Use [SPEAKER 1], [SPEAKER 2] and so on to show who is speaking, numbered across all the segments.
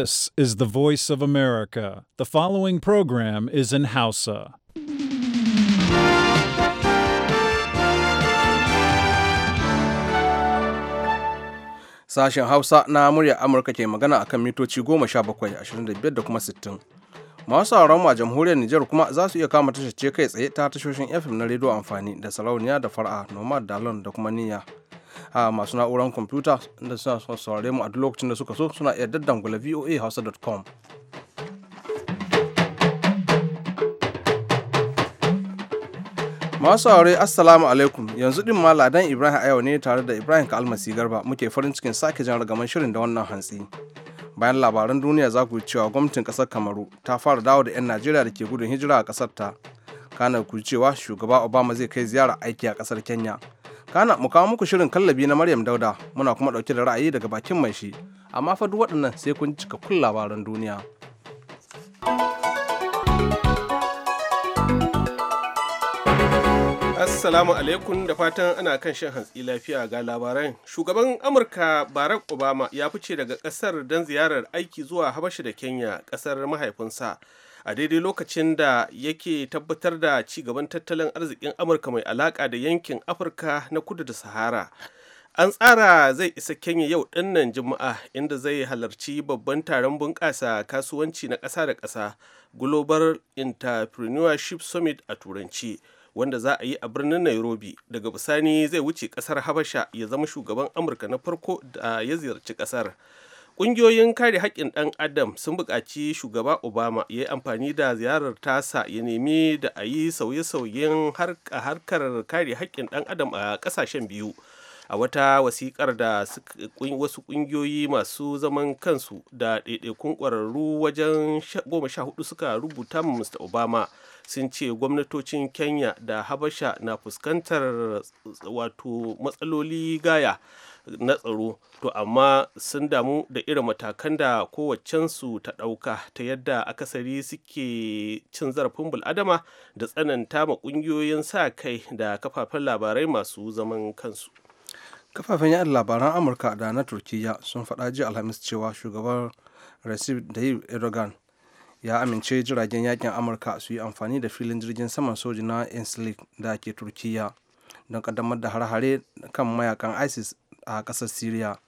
[SPEAKER 1] This is the voice of America. The following program is in Hausa.
[SPEAKER 2] Sashen Hausa na murya Amurka ke magana a kan mitoci 17, da kuma sittin Masu mu a jamhuriyar Nijar kuma za su iya kama tashar ce kai tsaye ta tashoshin FM na rediyo amfani da sarauniya da fara'a, nomad dalon da kuma niyya. Ah, masu na'urar kwamfuta da suna saurare mu a duk lokacin da suka so suna iya daddangula voa hausa.com masu saurare assalamu alaikum yanzu din ma ladan ibrahim ayo ne tare da ibrahim kalmasi garba muke farin cikin sake jan ragaman shirin da wannan hantsi bayan labaran duniya za ku cewa gwamnatin kasar kamaru ta fara dawo da 'yan najeriya da ke gudun hijira a kasar ta kana ku cewa shugaba obama zai kai ziyara aiki a kasar kenya kana mu kawo muku shirin kallabi na maryam dauda muna kuma ɗauke da ra'ayi daga bakin mai shi amma fa duk waɗannan sai kun cika kun
[SPEAKER 3] labaran duniya Assalamu alaikum da fatan ana kan shan hantsi lafiya ga labaran. Shugaban Amurka Barack Obama ya fice daga kasar don ziyarar aiki zuwa Habasha da Kenya, kasar mahaifinsa. a daidai lokacin da yake tabbatar da ci gaban tattalin arzikin amurka mai alaka da yankin afirka na kudu da sahara an tsara zai isa kenya yau dinnan juma'a inda zai halarci babban taron bunƙasa kasuwanci na ƙasa da ƙasa global entrepreneurship summit a turanci wanda za a yi a birnin nairobi daga bisani zai wuce ƙasar habasha ya zama shugaban amurka na farko da ya ziyarci ƙasar Ƙungiyoyin kare haƙƙin ɗan Adam sun buƙaci shugaba Obama ya yi amfani da ziyarar tasa ya nemi da a yi sauye-sauyen harkar kare haƙƙin ɗan Adam a ƙasashen biyu. A wata wasiƙar da wasu ƙungiyoyi masu zaman kansu da ɗaiɗaikun ƙwararru wajen goma sha hudu suka rubuta Mr. Obama sun ce gwamnatocin Kenya da Habasha na fuskantar wato matsaloli gaya. na tsaro to amma sun damu da irin matakan da kowaccensu ta ɗauka ta yadda akasari suke cin zarafin bul'adama da tsananta ma ƙungiyoyin sa kai da kafafen labarai masu zaman kansu
[SPEAKER 2] kafafen yaɗa labaran amurka da na turkiyya sun faɗa ji alhamis cewa shugaban recep tayyip erdogan ya amince jiragen yakin amurka su yi amfani da filin jirgin saman soji na enslik da ke turkiyya don kaddamar da harhare hare kan mayakan isis a ƙasar syria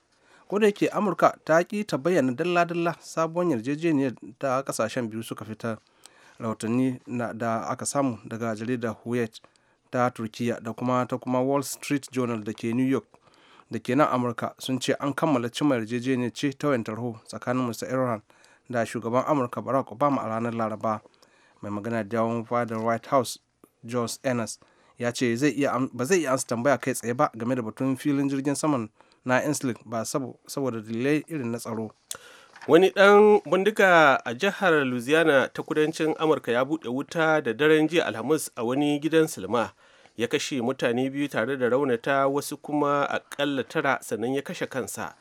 [SPEAKER 2] da yake amurka ta ƙi ta bayyana dalla-dalla sabon yarjejeniyar da ƙasashen biyu suka fitar rahotanni da aka samu daga jaridar huyet ta turkiya da kuma ta kuma wall street journal da ke new york da ke nan amurka sun ce an kammala cimma yarjejeniyar ce ta wayan tarho tsakanin mr iran da shugaban amurka barack obama a ranar laraba mai magana da yawon fadar white house jos ennis ya ce ba zai iya amsa tambaya kai tsaye ba game da batun filin jirgin saman na inslick ba saboda dalilai irin na tsaro
[SPEAKER 3] wani dan bindiga a jihar louisiana ta kudancin amurka ya buɗe wuta da daren jiya alhamis a wani gidan silma ya kashe mutane biyu tare da raunata wasu kuma akalla tara sannan ya kashe kansa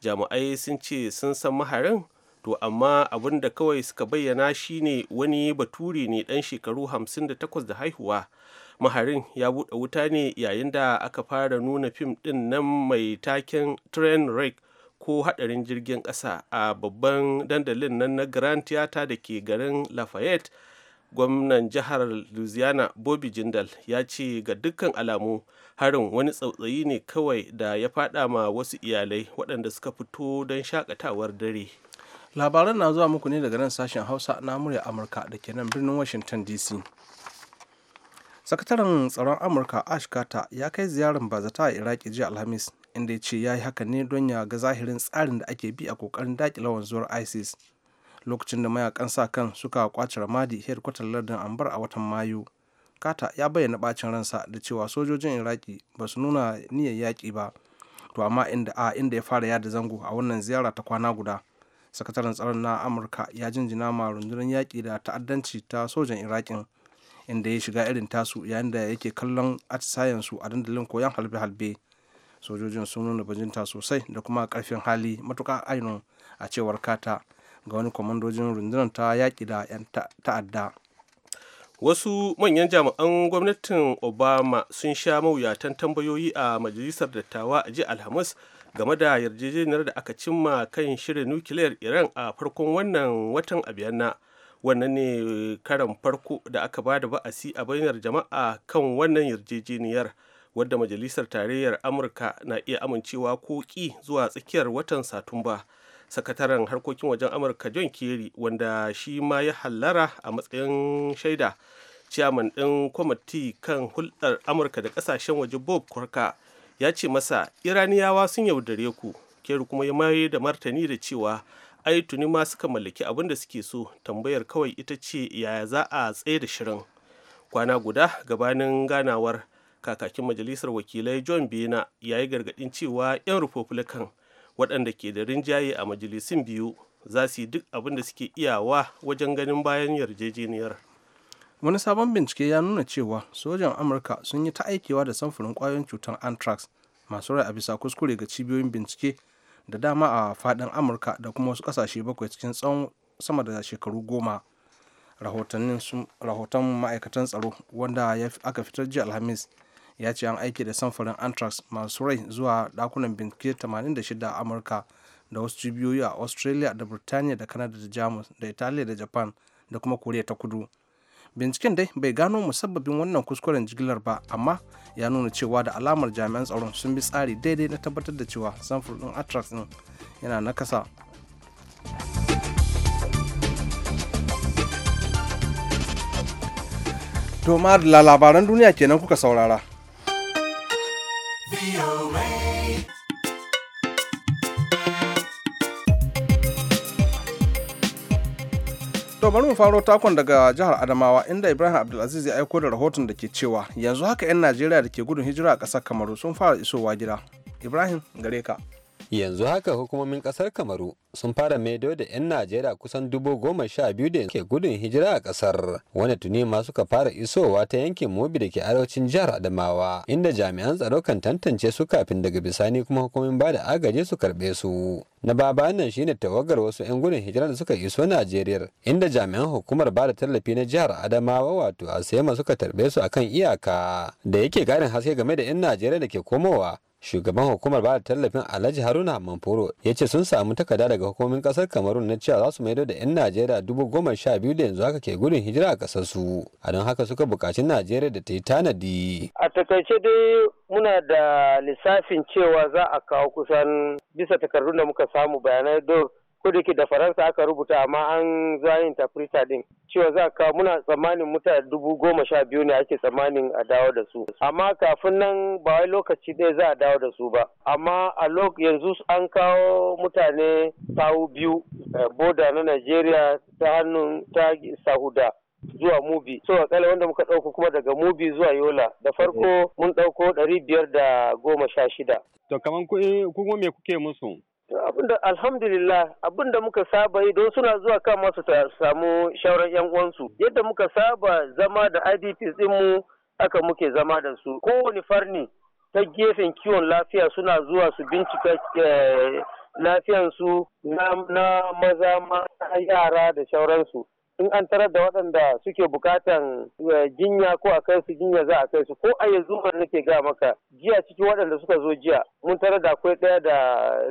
[SPEAKER 3] jami'ai sun ce sun san maharin to amma abin da kawai suka bayyana shine wani baturi ne dan shekaru 58 da haihuwa maharin ya buɗe wuta ne yayin da aka fara nuna fim ɗin nan mai taken train wreck ko haɗarin jirgin ƙasa a babban dandalin nan na grand theater da ke garin lafayette gwamnan jihar louisiana bobby jindal ya ce ga dukkan alamu harin wani tsautsayi ne kawai da ya fada ma wasu iyalai waɗanda suka fito don shakatawar dare labaran
[SPEAKER 2] na zuwa muku ne daga nan sashen hausa na murya amurka da ke nan birnin washington dc sakataren tsaron amurka ash carter ya kai ziyarar bazata a iraki jiya alhamis inda ya ce ya yi haka ne don ya ga zahirin tsarin da ake bi a kokarin dakile wanzuwar isis lokacin da mayakan sa kan suka kwace ramadi headquarter lardin ambar a watan mayu kata ya bayyana bacin ransa da cewa sojojin iraki ba su nuna niyyar yaƙi ba to amma inda a inda ya fara yada zango a wannan ziyara ta kwana guda sakataren tsaron na amurka ya jinjina ma rundunar yaƙi da ta'addanci ta sojan irakin inda ya shiga irin tasu yayin da yake kallon su a dandalin koyon halbe-halbe sojojin sun nuna bajinta sosai da kuma karfin hali matuka ainihin a cewar kata ga wani kwamandojin rundunar ta yaƙi da 'yan ta'adda
[SPEAKER 3] wasu manyan jami'an gwamnatin obama sun sha mawuyatan tambayoyi a majalisar dattawa a jiya alhamis game da yarjejeniyar da aka cimma kan shirin nukiliyar iran a farkon wannan watan abiyanna wannan ne karan farko da aka ba da ba'asi a bainar jama'a kan wannan yarjejeniyar wadda majalisar tarayyar amurka na iya amincewa ko ki zuwa tsakiyar watan satumba sakataren harkokin wajen amurka john kerry wanda shi ma ya hallara a matsayin shaida ciyaman ɗin kwamiti kan hulɗar amurka da ƙasashen waje bob kurka ya ce masa iraniyawa sun yaudare ku kerry kuma ya maye da martani da cewa ai tuni ma suka mallaki abin da suke so tambayar kawai ita ce yaya za a tsaye da shirin kwana guda gabanin ganawar kakakin majalisar wakilai john bena ya yi gargadin cewa 'yan republican waɗanda ke da rinjaye a majalisun biyu za su yi duk abin da suke iyawa wajen ganin bayan yarjejeniyar
[SPEAKER 2] wani sabon bincike ya nuna cewa sojan amurka sun yi ta aikewa da samfurin kwayoyin cutar anthrax masu rai a bisa kuskure ga cibiyoyin bincike da dama a fadin amurka da kuma wasu kasashe bakwai cikin tsawon sama da shekaru goma rahoton ma'aikatan tsaro wanda aka fitar jiya alhamis ya ce an aiki da samfurin anthrax masu rai zuwa dakunan bincike 86 a amurka da wasu cibiyoyi a australia da burtaniya da canada da jamus da italiya da japan da kuma koriya ta kudu binciken dai bai gano musabbabin wannan kuskuren jigilar ba amma ya nuna cewa da alamar jami'an tsaron sun bi tsari daidai na tabbatar da cewa samfur din atrax din yana na kasa to labaran duniya kenan kuka saurara. To bari mu faro takon daga jihar Adamawa inda Ibrahim Abdulaziz ya aiko da rahoton da ke cewa yanzu haka 'yan Najeriya da ke gudun hijira a ƙasar Kamaru sun fara isowa gida.
[SPEAKER 4] Ibrahim gare ka. yanzu haka hukumomin kasar kamaru sun fara maido da 'yan najeriya kusan dubu goma sha biyu da ke gudun hijira a kasar wanda tuni ma suka fara isowa ta yankin mobi da ke arewacin jihar adamawa inda jami'an tsaro kan tantance su kafin daga bisani kuma hukumomin ba da agaji su karbe su na baba nan shine tawagar wasu 'yan gudun hijira da suka iso najeriya inda jami'an hukumar ba da tallafi na jihar adamawa wato asema suka tarbe su akan iyaka da yake garin haske game da 'yan najeriya da ke komowa shugaban hukumar ba tallafin alhaji haruna manforo ya ce sun samu takarda daga hukumomin kasar kamarun na cewa za su maido da 'yan najeriya dubu goma sha biyu da yanzu haka ke gudun hijira a kasar su a don haka suka buƙaci najeriya da ta yi tanadi
[SPEAKER 5] a takaice dai muna da lissafin cewa za a kawo kusan bisa takardun da muka samu bayanai ko da yake da faransa aka rubuta amma an zayin yin tafrita din cewa za ka muna tsammanin mutane dubu goma sha biyu ne ake tsammanin a dawo da su amma kafin nan ba wai lokaci ɗaya za a dawo da su ba amma a yanzu an kawo mutane sahu biyu eh, boda na najeriya ta hannun ta sahuda zuwa mubi so akalla wanda muka ɗauko kuma daga mubi zuwa yola da farko mun ɗauko ɗari biyar da goma sha shida to
[SPEAKER 4] kaman ku eh, kuma me kuke musu
[SPEAKER 5] abinda alhamdulillah abinda muka saba yi don suna zuwa kan masu samu shawarar yan uwansu yadda muka saba zama da idps dinmu aka muke zama da su kowane farni ta gefen kiwon lafiya suna zuwa su bincika eh, su na maza ma yara da shauransu in an tarar da waɗanda suke bukatan eh, jinya ko a kai su jinya za a kai su ko a yanzu ba nake ga maka jiya ciki waɗanda suka zo jiya mun tare da akwai ɗaya da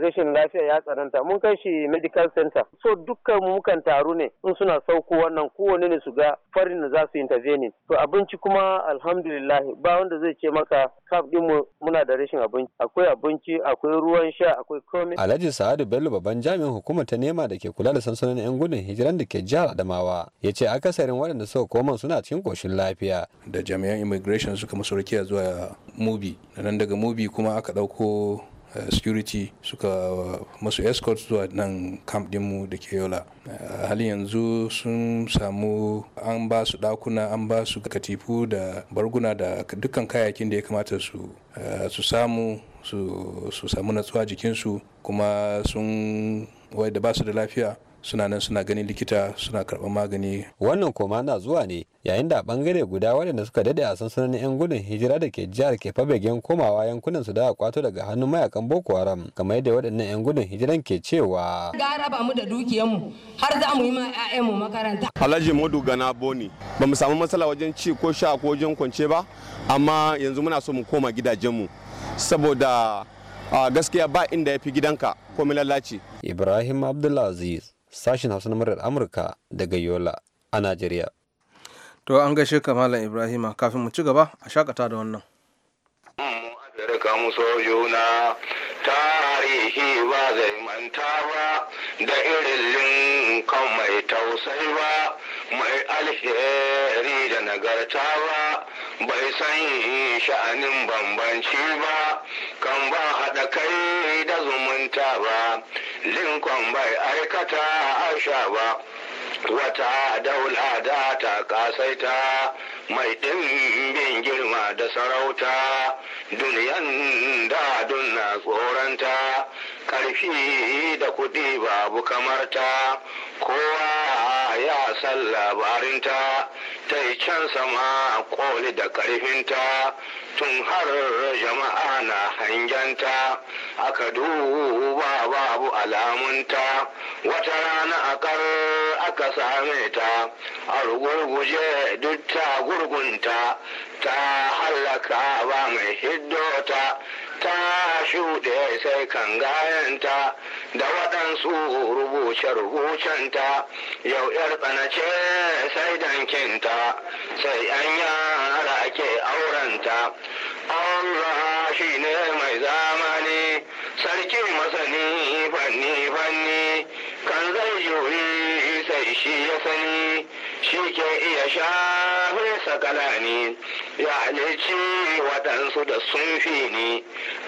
[SPEAKER 5] rashin lafiya ya tsananta mun kai shi medical center so dukkan mukan taru ne in suna sauko wannan kowane ne su ga farin da za su intervene to abinci kuma alhamdulillah ba wanda zai ce maka kaf ɗinmu muna da rashin abinci akwai abinci akwai ruwan sha akwai komai alhaji
[SPEAKER 4] sa'adu bello babban jami'in hukuma ta nema da ke kula da sansanonin yan gudun hijiran da ke jihar adamawa ya ce akasarin waɗanda suka koma suna cikin koshin lafiya da jami'an immigration suka masu rakiya zuwa mubi nan daga mobi kuma aka ɗauko
[SPEAKER 2] eh, security suka eh, masu escort zuwa nan camp dinmu da ke yola eh, halin yanzu sun samu an ba su dakuna an ba su katifu da barguna da dukkan kayakin da ya kamata su samu su
[SPEAKER 4] samu natsuwa jikinsu kuma sun wai da ba su da lafiya suna nan suna ganin likita suna karɓar magani wannan koma na zuwa ne yayin da bangare guda waɗanda suka dade a sansanonin 'yan gudun hijira da ke jihar ke fabegen komawa yankunan su da kwato daga hannun mayakan boko haram kamar yadda waɗannan 'yan gudun hijiran ke cewa
[SPEAKER 1] ga raba mu da dukiyanmu har za mu yi ma 'ya'yanmu makaranta
[SPEAKER 4] alhaji modu gana boni ba mu samu matsala wajen ci ko sha ko wajen kwance ba amma yanzu muna so mu koma gidajenmu saboda gaskiya ba inda ya fi gidanka ko lalaci ibrahim abdulaziz sashin hausa na murar amurka daga yola a najeriya To an gaishe ka Malam Ibrahima
[SPEAKER 2] kafin mu ci gaba a shakata da wannan.
[SPEAKER 6] mu soyuna tarihi ba zai manta ba da irin linkan mai tausai ba mai alheri da nagarta ba bai san sha'anin bambanci ba kan ba haɗa kai da zumunta ba linkon bai aikata asha ba wata da ta kasaita mai ɗimbin girma da sarauta duniyan da na tsoranta ƙarfi da kuɗi babu kamarta kowa ya san labarinta ta yi can sama a koli da ƙarfinta tun har jama'a na hangenta aka duba babu alamunta wata rana a kar aka same ta a rugurguje duk ta gurgunta ta hallaka ba mai hiddota ta shuɗe sai kan gayanta da waɗansu rubuce-rubucenta yau ‘yar tsanace sai dankinta sai an yara ake aurenta. Allah shi ne mai zamani, sarki masani fanni-fanni, kan zai yuri sai shi ya sani. shi ke iya shafe sakala ne ya halici waɗansu da sun fi ni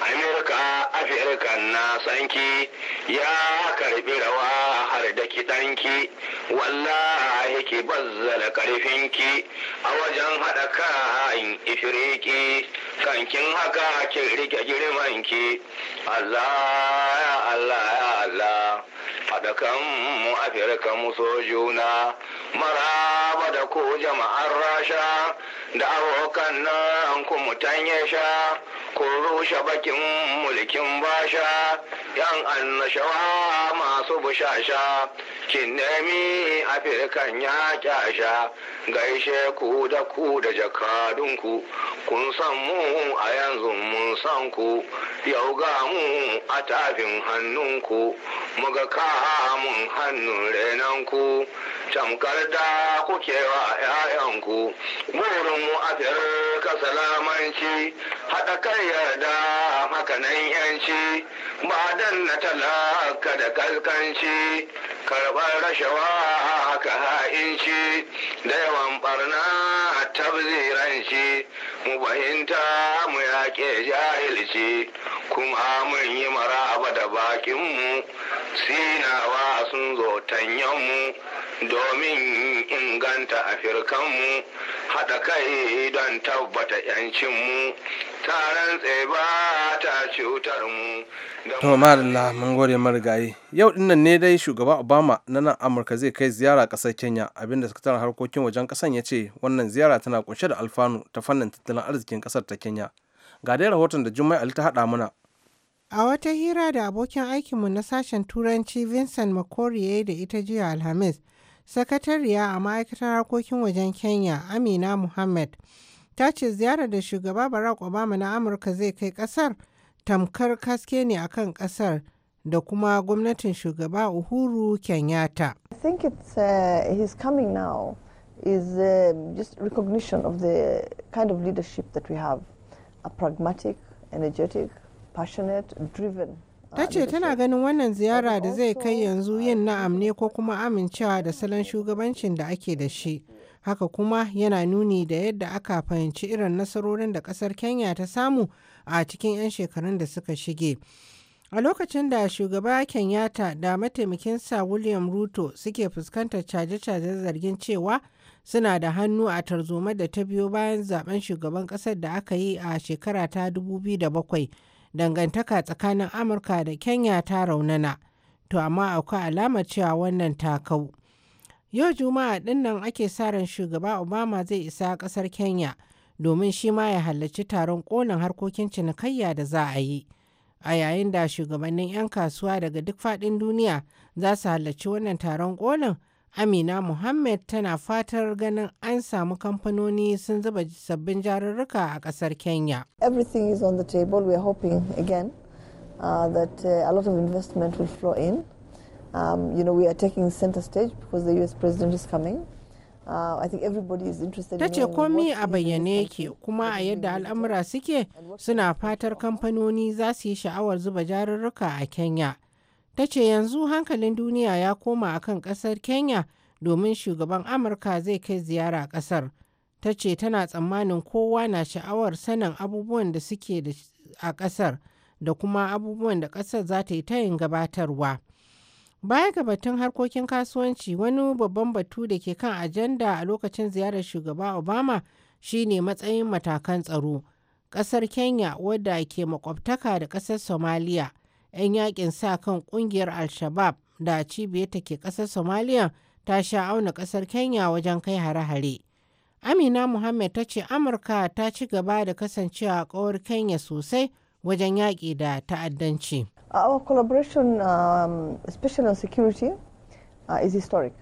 [SPEAKER 6] amurka afirka na sanki ya karbi rawa har da kiɗanki wallahi ki bazzala karfinki a wajen haɗa kan ifiriki kankin haka ki rike girmanki allah ya allah ya allah haɗa kan mu afirka mu so juna Maraba da ku jama'ar rasha da abokan nan ku mutan sha ku rushe bakin mulkin basha yan annashawa masu bushasha kin nemi afirkan ya kyasha gaishe ku da ku da jakadunku kun san mu a yanzu mun san ku yau ga mu a tafin hannunku muga mun hannun renanku tamkar da kuke wa ‘ya'yanku, mu a ka salamanci, haɗa kai yarda hakanan ‘yanci, ba dan na talaka da kalkanci, karɓar rashawa haka ha'inci, da yawan ɓarna a tabziranci, mu fahimta mu yaƙe jahilci, kuma mun yi maraba da bakinmu. sinawa sun zo tanyanmu domin inganta afirkanmu haɗa kai don tabbata yancinmu taron tseba ta cutarmu
[SPEAKER 2] to madalla mun gode marigayi yau dinnan ne dai shugaba obama na nan amurka zai kai ziyara ƙasar kenya abinda sakataren harkokin wajen ƙasan ya ce wannan ziyara tana kunshe da alfanu ta fannin tattalin arzikin ƙasar ta kenya ga dai rahoton da jummai ali ta haɗa mana
[SPEAKER 1] A wata hira da abokin aikinmu na sashen Turanci Vincent mccory ya da ita jiya Alhamis, sakatariya a ma'aikatar harkokin wajen Kenya Amina Mohammed ta ce ziyarar da shugaba Barack Obama na Amurka zai kai kasar tamkar kaske ne akan kasar da kuma gwamnatin shugaba Uhuru Kenyatta. I think
[SPEAKER 7] his uh, coming now is uh, just recognition of the kind of leadership that we have, a pragmatic, energetic Uh,
[SPEAKER 1] ta ce tana ganin wannan ziyara da zai kai yanzu uh, yin na'am ne ko kuma amincewa da salon shugabancin da ake da shi haka kuma yana nuni da yadda aka fahimci irin nasarorin da kasar kenya ta samu a cikin 'yan shekarun da suka shige a lokacin da shugaba kenyatta da mataimakinsa william ruto suke fuskantar caje-caje zargin cewa suna da hannu a tarzoma da ta biyo bayan zaben shugaban kasar da aka yi a shekara ta 2007 dangantaka tsakanin amurka da kenya ta raunana to amma akwai alamar cewa wannan ta kau yau juma'a din ake sa ran shugaba obama zai isa kasar kenya domin shi ma ya halarci taron kolin harkokin cinikayya da za a yi a yayin da shugabannin 'yan kasuwa daga duk faɗin duniya za su halarci wannan taron kolin Amina Mohammed tana fatar ganin an samu kamfanoni sun zuba sabbin jarurruka a ƙasar Kenya.
[SPEAKER 7] Everything is on the table. We are hoping again uh, that uh, a lot of investment will flow in. Um, you know, we are taking center stage because the US president is coming. Uh, Ta
[SPEAKER 1] ce komi a bayyane yake kuma a yadda al'amura suke suna fatar kamfanoni za su yi sha'awar zuba jarurruka a Kenya ta ce yanzu hankalin duniya ya koma akan ƙasar kenya domin shugaban amurka zai kai ziyara ƙasar ta ce tana tsammanin kowa na sha'awar sanin abubuwan da suke a ƙasar da kuma abubuwan da ƙasar za ta yi tayin gabatarwa baya ga batun harkokin kasuwanci wani babban batu da ke kan ajanda a lokacin ziyarar shugaba obama shine matsayin matakan tsaro ƙasar kenya wadda ke makwabtaka da ƙasar somaliya 'yan yakin sa kan kungiyar al-shabab da cibiyarta ke kasar somaliya ta sha auna kasar kenya wajen kai hare-hare amina muhammad ta ce amurka ta ci gaba da kasancewa kawar kenya sosai wajen yaƙi da ta'addanci
[SPEAKER 7] our collaboration um, especially on security uh, is historic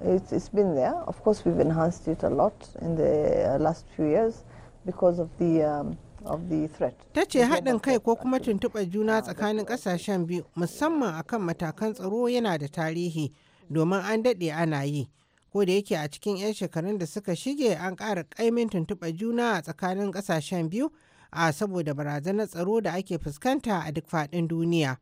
[SPEAKER 7] it's, it's been there of course we've enhanced it a lot in the uh, last few years because of the um,
[SPEAKER 1] Ta ce haɗin kai ko kuma tuntuɓar juna tsakanin ƙasashen biyu musamman akan matakan tsaro yana da tarihi domin an daɗe ana yi. Ko da yake a cikin 'yan shekarun da suka shige an ƙara ƙaimin tuntuɓar juna a tsakanin ƙasashen biyu a saboda barazanar tsaro da ake fuskanta a duk faɗin duniya.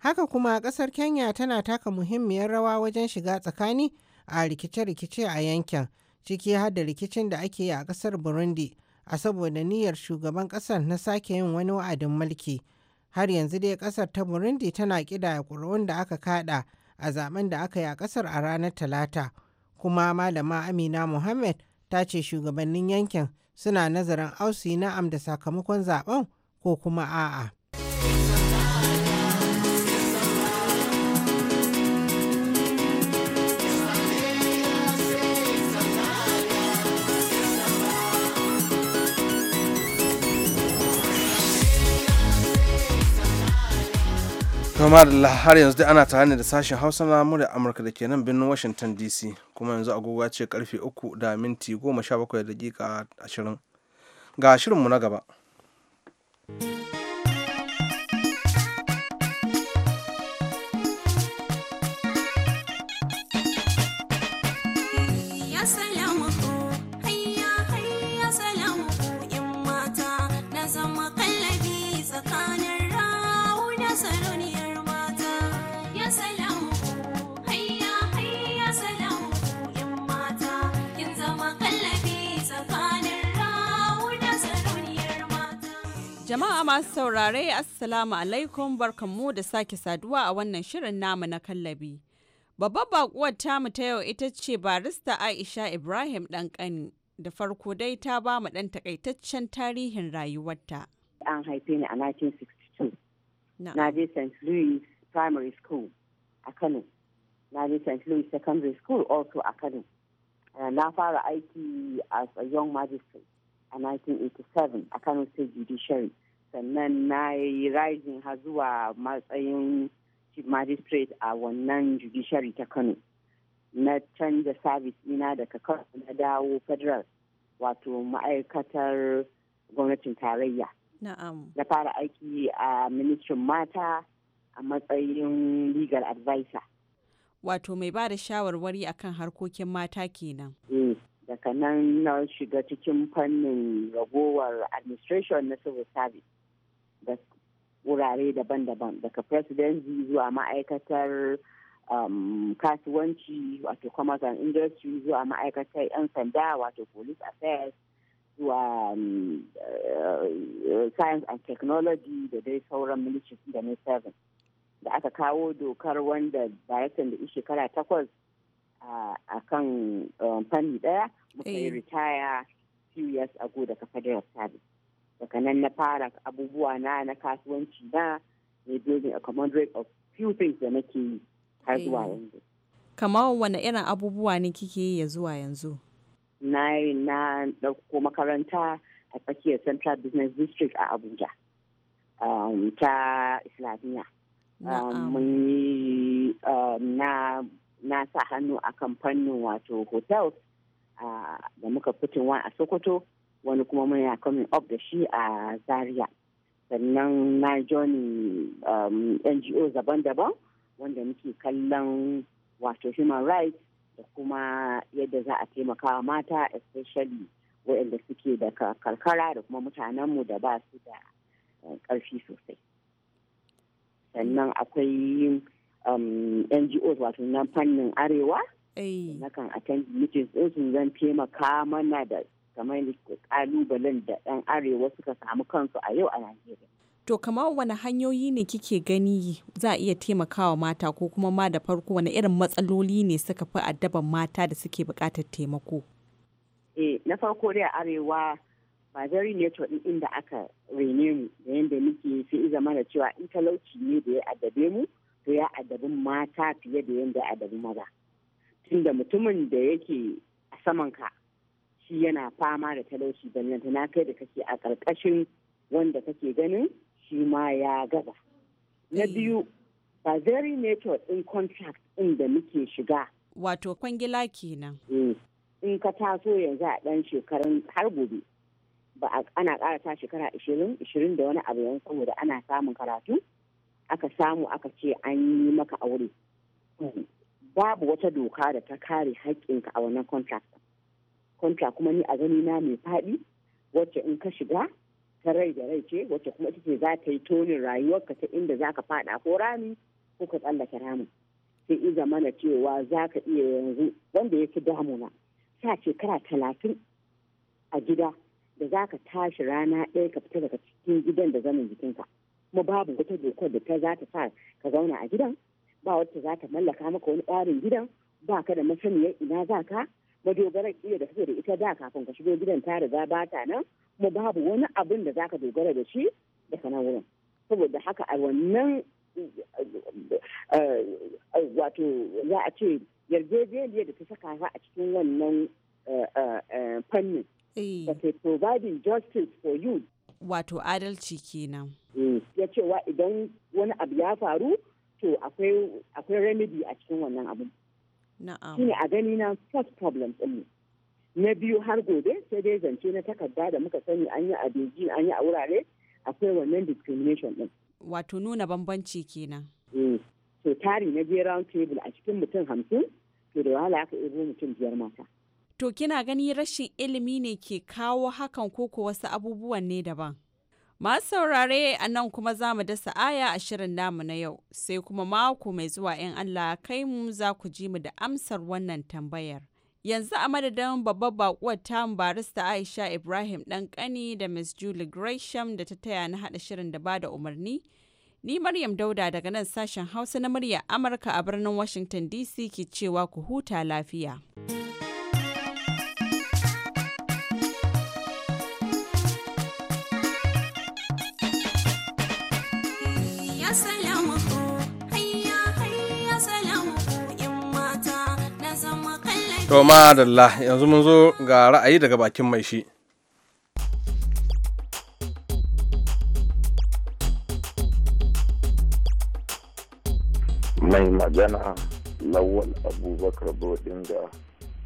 [SPEAKER 1] Haka kuma ƙasar Kenya tana taka muhimmiyar rawa wajen shiga tsakani a rikice-rikice a yankin, ciki har da rikicin da ake yi a ƙasar Burundi. a saboda niyyar shugaban kasar na sake yin wani wa'adin mulki har yanzu dai kasar ta burundi tana kidaya ƙuri'un da aka kada a zaben da aka yi a kasar a ranar talata kuma malama amina mohammed ta ce shugabannin yankin suna nazarin ausi na'am da sakamakon zaben ko kuma a'a.
[SPEAKER 2] kuma da har yanzu dai ana tare da sashen hausa na murya amurka da ke nan birnin washington dc kuma yanzu agogo ce karfe 3 da minti 17 da dakika 20 ga shirinmu na gaba.
[SPEAKER 7] Jama'a masu saurare Assalamu alaikum barkanmu da sake saduwa a wannan shirin namu na kallabi. Babbar bakuwar tamu ta yau ita ce barista Aisha Ibrahim ɗanƙani. Da farko dai ta ba mu ɗan takaitaccen tarihin rayuwarta.
[SPEAKER 8] An haife ni a 1962. Na je St. Louis Primary School a Kano. Na je St. Louis Secondary School also a Kano. Uh, na fara aiki as a young magistrate. a 1987 a Kano State Judiciary sannan na yi rising ha zuwa matsayin chief magistrate a wannan judiciary ta Kano na canza service ina daga Kano na dawo federal wato ma'aikatar gwamnatin tarayya.
[SPEAKER 7] Na
[SPEAKER 8] fara aiki a ministrin mata a matsayin legal advisor.
[SPEAKER 7] Wato mai ba da shawarwari akan harkokin mata kenan.
[SPEAKER 8] Eh, sannan na shiga cikin fannin ragowar administration na civil service da wurare daban-daban daga presidency zuwa ma'aikatar um, kasuwanci wato commerce and industry zuwa ma'aikatar 'yan sanda wato police affairs zuwa um, eh, science and technology da dai sauran ministry da na seven da aka kawo dokar wanda dayakan da shekara takwas a kan um, fanni daya muka yi eh. ritaya few years ago daga federal service daga nan na fara abubuwa na na kasuwanci na ne building a common rate of few things da nake yi har zuwa eh. yanzu
[SPEAKER 7] kamar wani irin abubuwa ne kike yi ya zuwa yanzu
[SPEAKER 8] na na ɗauko makaranta a tsakiyar central business district a abuja um, ta islamiyya um, mun yi um, na sa hannu a kamfanin wato hotels da muka fitin wa a sokoto wani kuma muna coming up da shi a zaria sannan na joni um, ngo daban-daban wanda muke kallon wato human rights da kuma yadda za a taimakawa mata especially waɗanda suke da karkara da kuma mutanenmu da ba su da eh, ƙarfi sosai sannan akwai um, ngos wato na fannin arewa nakan attend meetings din su zan taimaka mana da kamar kalubalen da ɗan arewa suka samu kansu a yau a Najeriya
[SPEAKER 7] To kamar wani hanyoyi ne kike gani za a iya taimakawa mata ko kuma ma da farko wani irin matsaloli ne suka fi addaban mata da suke buƙatar taimako?
[SPEAKER 8] Eh, na farko dai a arewa ba very nature din inda aka rene mu da yadda muke sai iza mana cewa in talauci ne da ya addabe mu to ya addabi mata fiye da yadda ya addabi maza. tunda mutumin da yake a saman ka shi yana fama da talauci ballanta na kai da kake a ƙarƙashin wanda kake ganin shi ma ya gaba. na eh. biyu ba very nature in contract ɗin da muke shiga
[SPEAKER 7] wato kwangila kenan eh,
[SPEAKER 8] in ka taso yanzu a ɗan shekarun har gobe ba ana ƙara ta shekara ishirin ishirin da wani abu yanzu saboda ana samun karatu aka samu aka ce an yi maka aure babu wata doka da ta kare haƙƙinka a wannan contract contract kuma ni a gani na mai faɗi wacce in ka shiga ta rai da rai ce wacce kuma ita ce za ta yi tonin rayuwarka ta inda za ka faɗa ko rami ko ka tsallake ramin sai in zamana cewa za ka iya yanzu wanda ya fi damuna sa shekara talatin a gida da za ka tashi rana ɗaya ka fita daga cikin gidan da zaman jikinka kuma babu wata dokar da ta za ta sa ka zauna a gidan ba wata za ta mallaka maka wani tsarin gidan ba ka da masaniyar ina za ka madogarar iya da kake da ita da kafin ka shigo gidan ta riga ba ta nan kuma babu wani abin da za ka dogara da shi da nan wurin saboda haka a wannan eh, eh, wato za a ce yarjejeniyar da ta saka ka a cikin wannan eh, fannin da ke providing justice for you wato adalci kenan ya cewa idan wani abu ya faru to akwai remedy a cikin wannan abin na'am shine a gani na first problem din na biyu har gobe sai dai zance na takarda da muka sani an yi a Beijing an yi a wurare akwai wannan discrimination din
[SPEAKER 7] wato nuna bambanci
[SPEAKER 8] kenan eh to tari na biyar round table a cikin mutum hamsin to da wahala aka ibo mutum biyar mata
[SPEAKER 7] to kina gani rashin ilimi ne ke kawo hakan ko ko wasu abubuwan ne daban Masu saurare a nan kuma za mu dasa aya a shirin namu na yau, sai kuma mako mai zuwa ‘yan Allah kai mu za ku ji mu da amsar wannan tambayar. Yanzu a madadin babbar bakuwar tamu barista Aisha Ibrahim ɗanƙani da Miss Julie Gresham da ta taya na haɗa shirin da bada umarni. Ni Maryam Dauda daga nan sashen Hausa na murya Amurka a birnin Washington DC ke cewa ku huta lafiya.
[SPEAKER 2] To madalla yanzu mun zo ga ra'ayi daga bakin mai shi.
[SPEAKER 9] Mai magana Lawal Abubakar Bodinga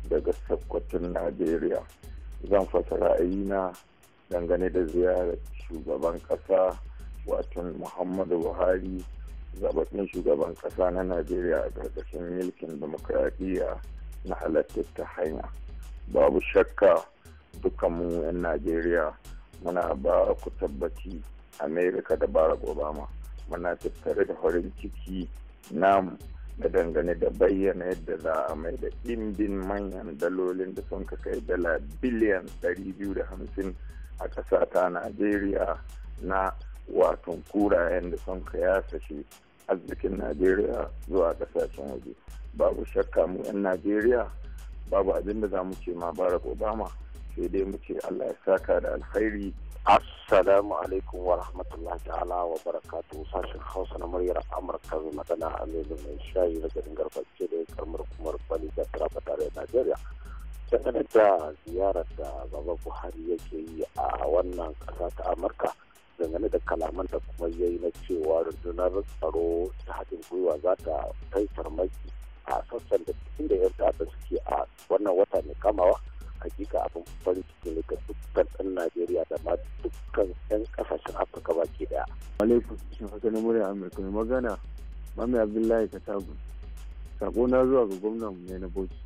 [SPEAKER 9] daga Sokoton Najeriya. Zan fasa na dangane da ziyarar shugaban ƙasa watan Muhammadu Buhari zaɓaɓɓen shugaban ƙasa na Najeriya a ƙarƙashin milkin dimokuraɗiyya. na halartar ta hanya babu shakka dukkanmu 'yan najeriya muna ba ku tabbaci amerika da bara obama muna tattare da farin ciki nam da dangane da bayyana yadda za a mai da ɗimbin manyan dalolin da sun kai dala biliyan 250 a ƙasa ta najeriya na watan kurayen da sun ka yasashe arzikin najeriya zuwa kasashen waje babu shakka mu 'yan najeriya babu abin da za mu ce ma barack obama sai dai mu ce allah ya saka da alkhairi assalamu alaikum wa rahmatullahi ta'ala wa barakatu sashen hausa na muryar amurka zai magana a lezu mai shayi da garin garbace da karmar kumar bali da tarafa tare da najeriya dangane da ziyarar da baba buhari yake yi a wannan ƙasa ta amurka dangane da kalaman da kuma yayi na cewa rundunar tsaro ta haɗin gwiwa za ta kai farmaki a sassan da cikin da yan ta'adda suke a wannan wata mai kamawa hakika abin farin ciki ne ga dukkan ɗan najeriya da ma dukkan yan ƙasashen afirka baki daya. alaikum shi haka na murya amurka mai magana mami abdullahi tagu sako na zuwa ga gwamnan mu ne na bauchi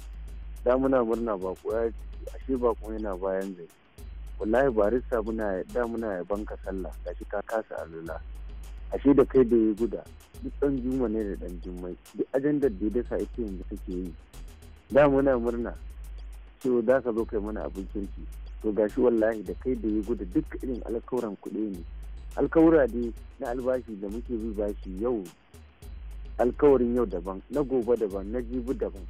[SPEAKER 9] da murna ba ko ya ashe ba ko yana bayan gari wallahi barista muna da muna ya banka sallah gashi ka kasa alula ashe da kai da ya guda duk dan juma ne da dan jummai duk ajandar da ya dasa ita yanzu take yi da muna murna cewa za ka zo kai mana abin kirki to gashi wallahi da kai da ya guda duk irin alkawuran kuɗi ne alkawura dai na albashi da muke bi bashi yau alkawarin yau daban na gobe daban na jibi daban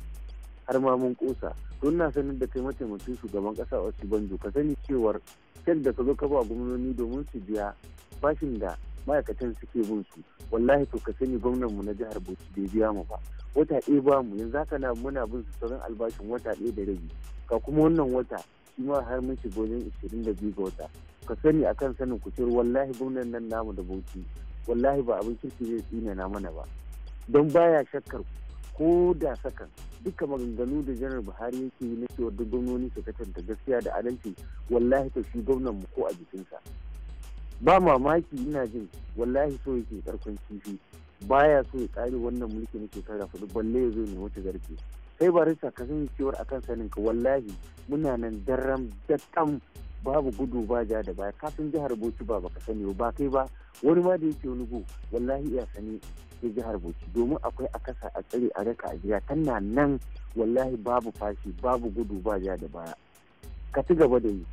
[SPEAKER 9] har ma mun kusa don na sanin da kai mataimakin shugaban kasa banjo ka sani cewar cek da ka zo ka ba gwamnoni domin su biya fashin da ma'aikatan suke bin su wallahi to ka sani gwamnan mu na jihar Bauchi bai biya mu ba wata ɗaya ba mu yanzu haka na muna bin su sauran albashin wata ɗaya da rabi ka kuma wannan wata shi ma har mun shiga wajen da biyu ga wata ka sani akan sanin kucewar wallahi gwamnan nan namu da Bauchi wallahi ba abin kirki zai tsina na mana ba don baya shakkar ko da sakan duka maganganu da janar buhari yake yi na cewa duk gwamnoni su katanta gaskiya da adalci wallahi ta shi gwamnan mu ko a jikinsa ba mamaki ina jin wallahi so yake karkon kifi baya so ya kare wannan mulki na shekara fudu balle ya zo ne wata garke sai ba rissa ka cewar akan sanin ka wallahi muna nan daram daɗam. babu gudu ba ja da baya kafin jihar bauchi ba baka sani ba kai ba wani ma da yake wani go wallahi iya sani ke jihar bauchi domin akwai a kasa a tsare a raka a jiya tana nan wallahi babu fashi babu gudu ba ja da baya ka ci gaba da yi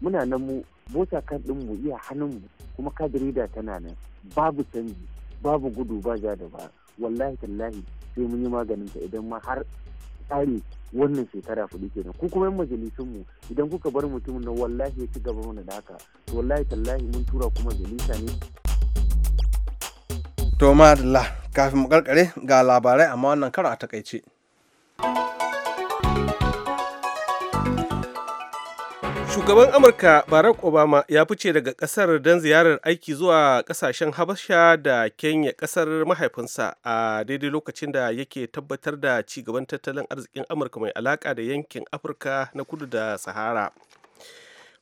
[SPEAKER 9] muna nan mu mota kan mu iya hannun mu kuma kadirida tana nan babu canji babu gudu ba ja da baya wallahi tallahi sai mun yi maganin ta idan ma har tsari wannan shekara kuɗi kenan ko kuma yan majalisun mu idan kuka bar mutum na wallahi ya ci gaba mana da haka to wallahi tallahi mun tura ku majalisa ne
[SPEAKER 2] to madalla kafin mu karkare ga labarai amma wannan karo a takaice
[SPEAKER 3] Shugaban Amurka Barack Obama ya fice daga kasar don ziyarar aiki zuwa kasashen Habasha da Kenya kasar mahaifinsa a daidai lokacin da yake tabbatar da cigaban tattalin arzikin Amurka mai alaka da yankin Afirka na kudu da Sahara.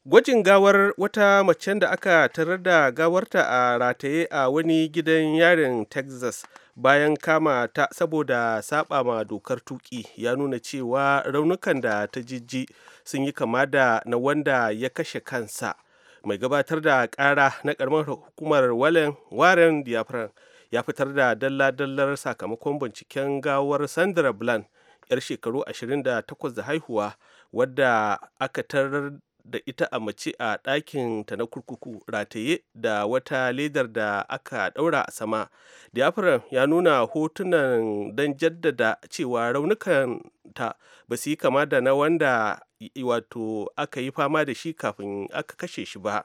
[SPEAKER 3] Gwajin gawar wata macen da aka tarar da gawarta a rataye a wani gidan yarin Texas bayan kama ta saboda saba ma dokar tuki ya nuna cewa raunukan da ta jijji sun yi kama da na wanda ya kashe kansa mai gabatar da kara na karamar hukumar walen warren diaphragm ya fitar da dalla-dallar sakamakon binciken gawar sandra bland yar shekaru 28 da haihuwa wadda aka tarar da ita a mace a ɗakin ta na kurkuku rataye da wata ledar da aka ɗaura a sama diaphragm ya nuna hotunan don jaddada cewa raunukan ta ba su yi kama da na wanda wato aka yi fama da shi kafin aka kashe shi ba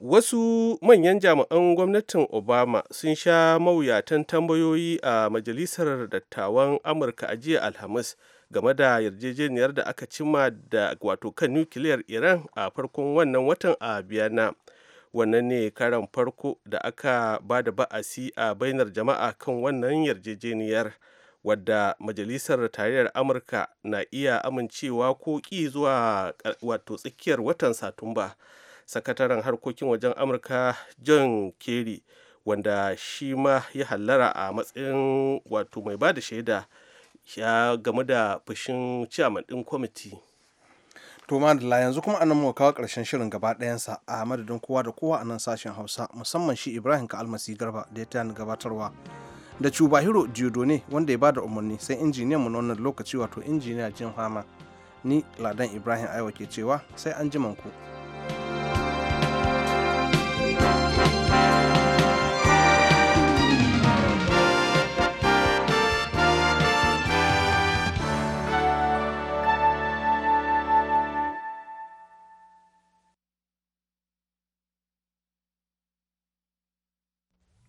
[SPEAKER 3] wasu manyan jami'an gwamnatin obama sun sha mawuyatan tambayoyi a majalisar dattawan amurka a jiya alhamis game da yarjejeniyar da aka cima da wato kan nukiliyar iran a farkon wannan watan a biyana wannan ne karan farko da aka ba da ba'asi a bainar jama'a kan wannan yarjejeniyar wadda majalisar tarayyar amurka na iya amincewa ko ƙi zuwa wato tsakiyar watan satumba sakataren harkokin wajen amurka john kerry wanda shi ma ya hallara a matsayin wato mai ba da shaida ya game da fushin chairman ɗin kwamiti
[SPEAKER 2] to madalla yanzu kuma anan muka kawo karshen shirin gaba ɗayansa a madadin kowa da kowa a nan sashen hausa musamman shi ibrahim ka almasi garba da ya tayar gabatarwa da cubahiro ne wanda ya bada umarni sai injiniyan mu na wannan lokaci wato injiniya jin hama ni ladan ibrahim aiwa ke cewa sai an ku.